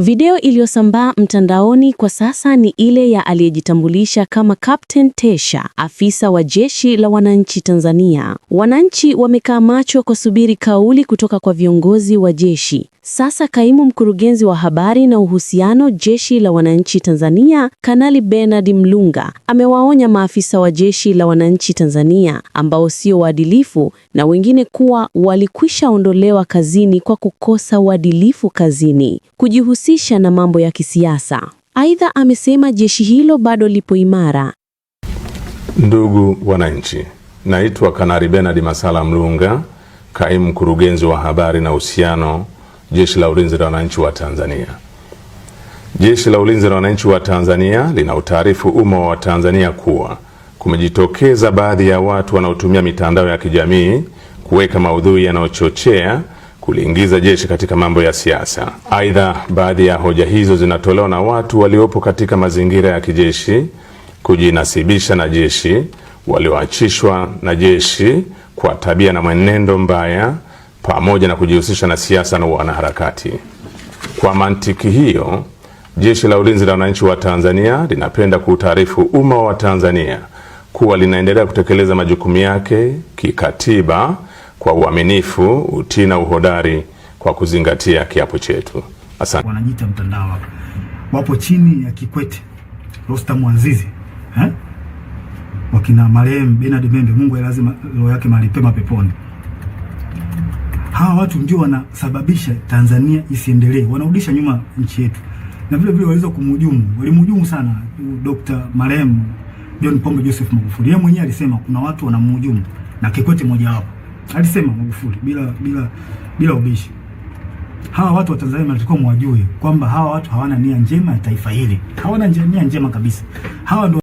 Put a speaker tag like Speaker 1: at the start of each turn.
Speaker 1: Video iliyosambaa mtandaoni kwa sasa ni ile ya aliyejitambulisha kama Captain Tesha, afisa wa Jeshi la Wananchi Tanzania. Wananchi wamekaa macho kwa subiri kauli kutoka kwa viongozi wa jeshi. Sasa Kaimu Mkurugenzi wa Habari na Uhusiano, Jeshi la Wananchi Tanzania, Kanali Bernard Mlunga, amewaonya maafisa wa Jeshi la Wananchi Tanzania ambao sio waadilifu na wengine kuwa walikwishaondolewa kazini kwa kukosa uadilifu kazini. Kujihusi kujihusisha na mambo ya kisiasa. Aidha, amesema jeshi hilo bado lipo imara.
Speaker 2: Ndugu wananchi, naitwa kanari Bernard Masala Mlunga, kaimu mkurugenzi wa habari na uhusiano, Jeshi la Ulinzi la Wananchi wa Tanzania. Jeshi la Ulinzi la Wananchi wa Tanzania lina utaarifu umma wa Tanzania kuwa kumejitokeza baadhi ya watu wanaotumia mitandao ya kijamii kuweka maudhui yanayochochea kuliingiza jeshi katika mambo ya siasa. Aidha, baadhi ya hoja hizo zinatolewa na watu waliopo katika mazingira ya kijeshi kujinasibisha na jeshi, walioachishwa na jeshi kwa tabia na mwenendo mbaya, pamoja na kujihusisha na siasa na wanaharakati. Kwa mantiki hiyo, Jeshi la Ulinzi la Wananchi wa Tanzania linapenda kuutaarifu umma wa Tanzania kuwa linaendelea kutekeleza majukumu yake kikatiba kwa uaminifu, utii na uhodari kwa kuzingatia kiapo chetu.
Speaker 3: Asante. Wanajiita mtandao wapo chini ya Kikwete, Rostam Aziz eh, wakina marehemu Bernard Membe, Mungu lazima roho yake mahali pema peponi. Hawa watu ndio wanasababisha Tanzania isiendelee, wanarudisha nyuma nchi yetu, na vile vile waliweza kumhujumu, walimhujumu sana Dr. marehemu John Pombe Joseph Magufuli. Yeye mwenyewe alisema kuna watu wanamhujumu na Kikwete mojawapo alisema Magufuli bila bila bila ubishi, hawa watu wa Tanzania mnatakiwa mwajue kwamba hawa watu hawana nia njema ya taifa hili, hawana nia njema kabisa. Hawa ndio